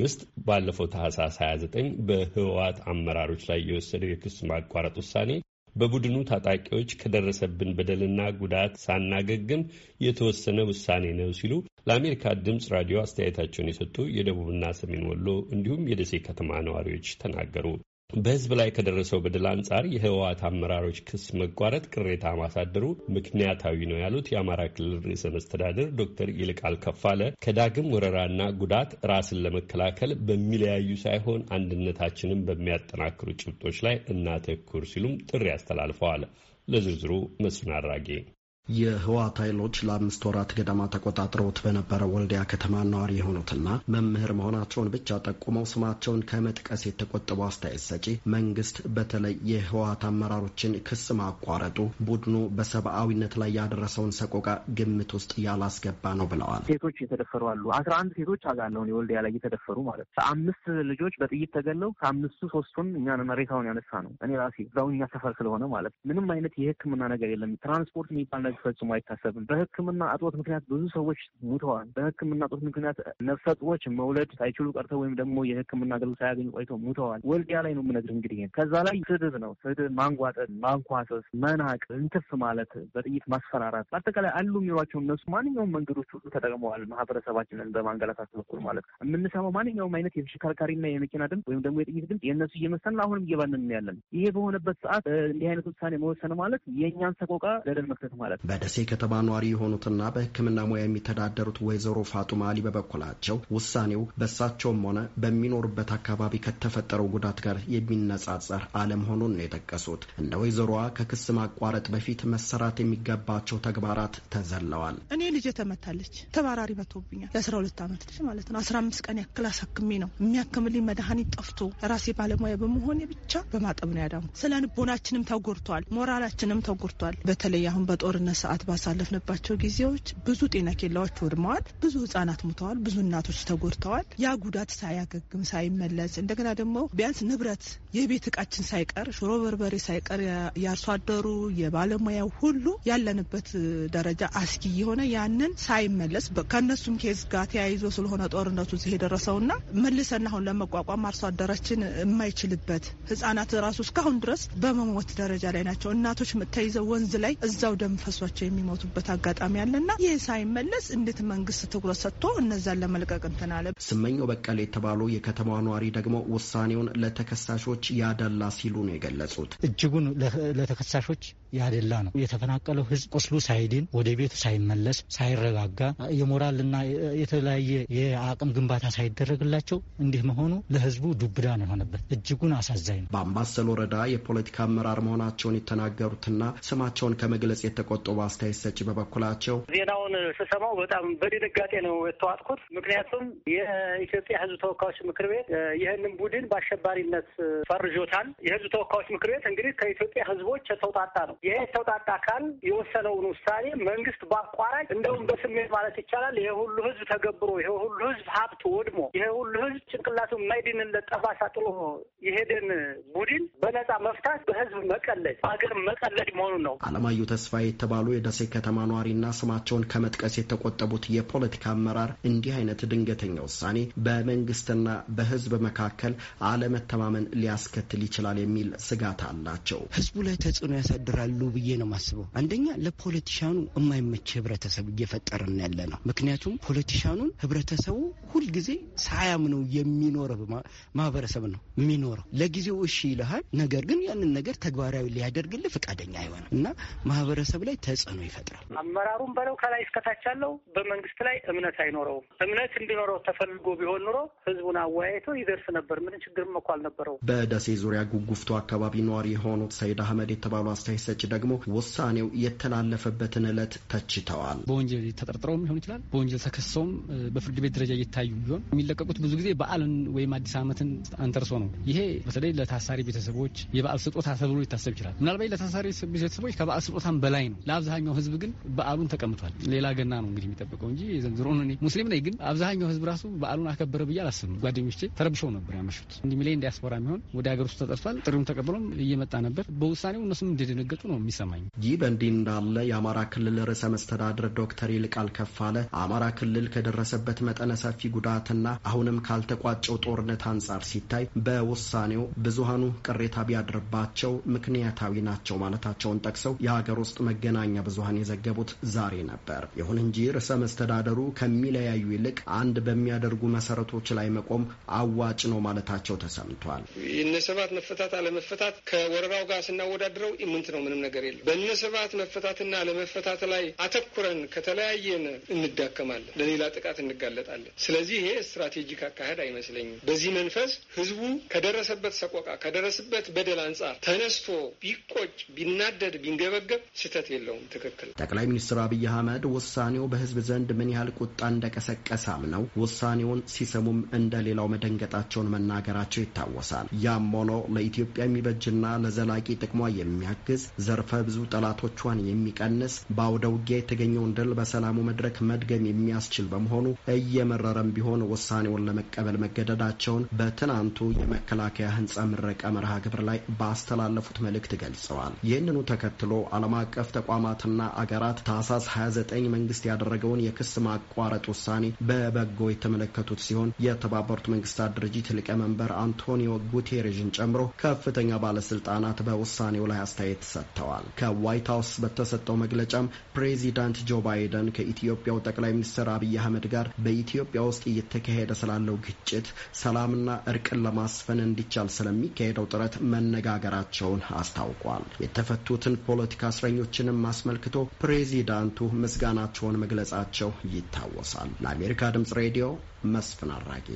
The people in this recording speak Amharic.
መንግስት ባለፈው ታህሳስ 29 በህወሓት አመራሮች ላይ የወሰደው የክስ ማቋረጥ ውሳኔ በቡድኑ ታጣቂዎች ከደረሰብን በደልና ጉዳት ሳናገግም የተወሰነ ውሳኔ ነው ሲሉ ለአሜሪካ ድምፅ ራዲዮ አስተያየታቸውን የሰጡ የደቡብና ሰሜን ወሎ እንዲሁም የደሴ ከተማ ነዋሪዎች ተናገሩ። በህዝብ ላይ ከደረሰው በደል አንጻር የህወሓት አመራሮች ክስ መቋረጥ ቅሬታ ማሳደሩ ምክንያታዊ ነው ያሉት የአማራ ክልል ርዕሰ መስተዳደር ዶክተር ይልቃል ከፋለ ከዳግም ወረራና ጉዳት ራስን ለመከላከል በሚለያዩ ሳይሆን አንድነታችንን በሚያጠናክሩ ጭብጦች ላይ እናተኩር ሲሉም ጥሪ አስተላልፈዋል። ለዝርዝሩ መስፍን አራጌ የህወሓት ኃይሎች ለአምስት ወራት ገደማ ተቆጣጥረውት በነበረ ወልዲያ ከተማ ነዋሪ የሆኑትና መምህር መሆናቸውን ብቻ ጠቁመው ስማቸውን ከመጥቀስ የተቆጠቡ አስተያየት ሰጪ መንግስት በተለይ የህወሓት አመራሮችን ክስ ማቋረጡ ቡድኑ በሰብአዊነት ላይ ያደረሰውን ሰቆቃ ግምት ውስጥ ያላስገባ ነው ብለዋል። ሴቶች የተደፈሩ አሉ። አስራ አንድ ሴቶች አጋለውን የወልዲያ ላይ እየተደፈሩ ማለት ከአምስት ልጆች በጥይት ተገለው ከአምስቱ ሶስቱን እኛን መሬታውን ያነሳ ነው እኔ ራሴ እዛው እኛ ሰፈር ስለሆነ ማለት ምንም አይነት የህክምና ነገር የለም። ትራንስፖርት የሚባል ነገር ፈጽሞ አይታሰብም። በሕክምና እጦት ምክንያት ብዙ ሰዎች ሙተዋል። በሕክምና እጦት ምክንያት ነፍሰ ጡሮች መውለድ ሳይችሉ ቀርተው ወይም ደግሞ የሕክምና አገልግሎት ሳያገኙ ቆይቶ ሙተዋል። ወልዲያ ላይ ነው የምነግርህ። እንግዲህ ከዛ ላይ ስድብ ነው ስድብ፣ ማንጓጠጥ፣ ማንኳሰስ፣ መናቅ፣ እንትፍ ማለት፣ በጥይት ማስፈራራት፣ በአጠቃላይ አሉ የሚሏቸው እነሱ ማንኛውም መንገዶች ሁሉ ተጠቅመዋል። ማህበረሰባችንን በማንገላታት በኩል ማለት የምንሰማው ማንኛውም አይነት የተሽከርካሪና የመኪና ድምፅ ወይም ደግሞ የጥይት ድምፅ የእነሱ እየመሰልን አሁንም እየባንን ያለን። ይሄ በሆነበት ሰዓት እንዲህ አይነት ውሳኔ መወሰን ማለት የእኛን ሰቆቃ ለደን መክተት ማለት በደሴ ከተማ ኗሪ የሆኑትና በሕክምና ሙያ የሚተዳደሩት ወይዘሮ ፋጡማ አሊ በበኩላቸው ውሳኔው በእሳቸውም ሆነ በሚኖሩበት አካባቢ ከተፈጠረው ጉዳት ጋር የሚነጻጸር አለመሆኑን ነው የጠቀሱት። እንደ ወይዘሮዋ ከክስ ማቋረጥ በፊት መሰራት የሚገባቸው ተግባራት ተዘለዋል። እኔ ልጄ ተመታለች። ተባራሪ መቶብኛል። የአስራ ሁለት ዓመት ልጅ ማለት ነው። አስራ አምስት ቀን ያክል አሳክሜ ነው የሚያክምልኝ መድኃኒት ጠፍቶ ራሴ ባለሙያ በመሆን ብቻ በማጠብ ነው ያዳሙ። ስለ ልቦናችንም ተጎድቷል፣ ሞራላችንም ተጎድቷል። በተለይ አሁን በጦርነት የሆነ ሰዓት ባሳለፍንባቸው ጊዜዎች ብዙ ጤና ኬላዎች ወድመዋል፣ ብዙ ህጻናት ሙተዋል፣ ብዙ እናቶች ተጎድተዋል። ያ ጉዳት ሳያገግም ሳይመለስ እንደገና ደግሞ ቢያንስ ንብረት የቤት እቃችን ሳይቀር ሽሮ በርበሬ ሳይቀር የአርሶ አደሩ የባለሙያው ሁሉ ያለንበት ደረጃ አስጊ የሆነ ያንን ሳይመለስ ከእነሱም ኬዝ ጋር ተያይዞ ስለሆነ ጦርነቱ እዚህ የደረሰውና መልሰና አሁን ለመቋቋም አርሶ አደራችን የማይችልበት ህጻናት ራሱ እስካሁን ድረስ በመሞት ደረጃ ላይ ናቸው። እናቶች ተይዘው ወንዝ ላይ እዛው ደም ፈሱ ራሳቸው የሚሞቱበት አጋጣሚ አለና ይህ ሳይመለስ እንዴት መንግስት ትኩረት ሰጥቶ እነዛን ለመልቀቅ እንትን አለ። ስመኘው በቀል የተባሉ የከተማዋ ነዋሪ ደግሞ ውሳኔውን ለተከሳሾች ያደላ ሲሉ ነው የገለጹት። እጅጉን ለተከሳሾች ያደላ ነው። የተፈናቀለው ህዝብ ቁስሉ ሳይድን ወደ ቤቱ ሳይመለስ ሳይረጋጋ የሞራልና የተለያየ የአቅም ግንባታ ሳይደረግላቸው እንዲህ መሆኑ ለህዝቡ ዱብዳ ነው የሆነበት። እጅጉን አሳዛኝ ነው። በአምባሰል ወረዳ የፖለቲካ አመራር መሆናቸውን የተናገሩትና ስማቸውን ከመግለጽ የተቆጠቡ አስተያየት ሰጪ በበኩላቸው ዜናውን ስሰማው በጣም በድንጋጤ ነው የተዋጥኩት። ምክንያቱም የኢትዮጵያ ህዝብ ተወካዮች ምክር ቤት ይህንን ቡድን በአሸባሪነት ፈርጆታል። የህዝብ ተወካዮች ምክር ቤት እንግዲህ ከኢትዮጵያ ህዝቦች የተውጣጣ ነው። ይሄ የተውጣጣ አካል የወሰነውን ውሳኔ መንግስት በአቋራጭ እንደውም በስሜት ማለት ይቻላል ይሄ ሁሉ ህዝብ ተገብሮ ይሄ ሁሉ ህዝብ ሀብት ወድሞ ይሄ ሁሉ ህዝብ ጭንቅላቱ የማይድንለት ጠባሳ ጥሎ የሄደን ቡድን በነፃ መፍታት በህዝብ ህዝብ መቀለድ፣ ሀገር መቀለድ መሆኑን ነው። አለማየሁ ተስፋዬ የተባሉ የደሴ ከተማ ነዋሪና ስማቸውን ከመጥቀስ የተቆጠቡት የፖለቲካ አመራር እንዲህ አይነት ድንገተኛ ውሳኔ በመንግስትና በህዝብ መካከል አለመተማመን ሊያስከትል ይችላል የሚል ስጋት አላቸው። ህዝቡ ላይ ተጽዕኖ ያሳድራሉ ብዬ ነው ማስበው። አንደኛ ለፖለቲሻኑ የማይመች ህብረተሰብ እየፈጠርን ያለ ነው። ምክንያቱም ፖለቲሻኑን ህብረተሰቡ ሁልጊዜ ሳያምነው የሚኖር ማህበረሰብ ነው የሚኖረው። ለጊዜው እሺ ይልሃል፣ ነገር ግን ያንን ነገር ተግባራዊ ሊያደርግልህ ፈቃደኛ አይሆንም እና ማህበረሰብ ላይ ተጽዕኖ ይፈጥራል። አመራሩም በለው ከላይ እስከታች ያለው በመንግስት ላይ እምነት አይኖረውም። እምነት እንዲኖረው ተፈልጎ ቢሆን ኑሮ ህዝቡን አወያይቶ ይደርስ ነበር። ምን ችግርም እኮ አልነበረው። በደሴ ዙሪያ ጉጉፍቶ አካባቢ ነዋሪ የሆኑት ሰይድ አህመድ የተባሉ አስተያየት ሰጭ ደግሞ ውሳኔው የተላለፈበትን እለት ተችተዋል። በወንጀል ተጠርጥረውም ሊሆን ይችላል። በወንጀል ተከሰውም በፍርድ ቤት ደረጃ እየታዩ ቢሆን የሚለቀቁት ብዙ ጊዜ በዓልን ወይም አዲስ ዓመትን አንተርሶ ነው። ይሄ በተለይ ለታሳሪ ቤተሰቦች የበዓል ስጦታ ተብሎ ሆኖ ሊታሰብ ይችላል። ምናልባት ለታሳሪ ቤተሰቦች ከበዓል ስጦታን በላይ ነው። ለአብዛኛው ህዝብ ግን በዓሉን ተቀምጧል። ሌላ ገና ነው እንግዲህ የሚጠብቀው እንጂ ዘንድሮ እኔ ሙስሊም ነኝ፣ ግን አብዛኛው ህዝብ ራሱ በዓሉን አከበረ ብዬ አላስብም። ጓደኞቼ ተረብሸው ነበር ያመሹት። እንዲህ ሚላይ እንዲያስፈራ የሚሆን ወደ ሀገር ውስጥ ተጠርቷል። ጥሪም ተቀብሎም እየመጣ ነበር። በውሳኔው እነሱም እንደደነገጡ ነው የሚሰማኝ። ይህ በእንዲህ እንዳለ የአማራ ክልል ርዕሰ መስተዳድር ዶክተር ይልቃል ከፋለ አማራ ክልል ከደረሰበት መጠነ ሰፊ ጉዳትና አሁንም ካልተቋጨው ጦርነት አንጻር ሲታይ በውሳኔው ብዙሀኑ ቅሬታ ቢያድርባቸው ምክንያታዊ ናቸው ማለታቸውን ጠቅሰው የሀገር ውስጥ መገናኛ ብዙሀን የዘገቡት ዛሬ ነበር። ይሁን እንጂ ርዕሰ መስተዳደሩ ከሚለያዩ ይልቅ አንድ በሚያደርጉ መሰረቶች ላይ መቆም አዋጭ ነው ማለታቸው ተሰምቷል። የነሰባት መፈታት አለመፈታት ከወረራው ጋር ስናወዳድረው ምንት ነው፣ ምንም ነገር የለም። በነሰባት መፈታትና አለመፈታት ላይ አተኩረን ከተለያየን እንዳከማለን፣ ለሌላ ጥቃት እንጋለጣለን። ስለዚህ ይሄ ስትራቴጂክ አካሄድ አይመስለኝም። በዚህ መንፈስ ህዝቡ ከደረሰበት ሰቆቃ ከደረሰበት በደል አንጻር ተነስ ተነስቶ ቢቆጭ፣ ቢናደድ፣ ቢንገበገብ ስህተት የለውም። ትክክል። ጠቅላይ ሚኒስትር አብይ አህመድ ውሳኔው በህዝብ ዘንድ ምን ያህል ቁጣ እንደቀሰቀሰ ነው። ውሳኔውን ሲሰሙም እንደሌላው መደንገጣቸውን መናገራቸው ይታወሳል። ያም ሆኖ ለኢትዮጵያ የሚበጅና ለዘላቂ ጥቅሟ የሚያግዝ ዘርፈ ብዙ ጠላቶቿን የሚቀንስ በአውደ ውጊያ የተገኘውን ድል በሰላሙ መድረክ መድገም የሚያስችል በመሆኑ እየመረረም ቢሆን ውሳኔውን ለመቀበል መገደዳቸውን በትናንቱ የመከላከያ ህንፃ ምረቃ መርሃ ግብር ላይ በአስተላለፍ ባስተላለፉት መልእክት ገልጸዋል። ይህንኑ ተከትሎ ዓለም አቀፍ ተቋማትና አገራት ታህሳስ 29 መንግስት ያደረገውን የክስ ማቋረጥ ውሳኔ በበጎ የተመለከቱት ሲሆን የተባበሩት መንግስታት ድርጅት ሊቀመንበር አንቶኒዮ ጉቴሬዥን ጨምሮ ከፍተኛ ባለስልጣናት በውሳኔው ላይ አስተያየት ሰጥተዋል። ከዋይት ሀውስ በተሰጠው መግለጫም ፕሬዚዳንት ጆ ባይደን ከኢትዮጵያው ጠቅላይ ሚኒስትር አብይ አህመድ ጋር በኢትዮጵያ ውስጥ እየተካሄደ ስላለው ግጭት ሰላምና እርቅን ለማስፈን እንዲቻል ስለሚካሄደው ጥረት መነጋገራቸው መሆናቸውን አስታውቋል። የተፈቱትን ፖለቲካ እስረኞችንም አስመልክቶ ፕሬዚዳንቱ ምስጋናቸውን መግለጻቸው ይታወሳል። ለአሜሪካ ድምጽ ሬዲዮ መስፍን አራጌ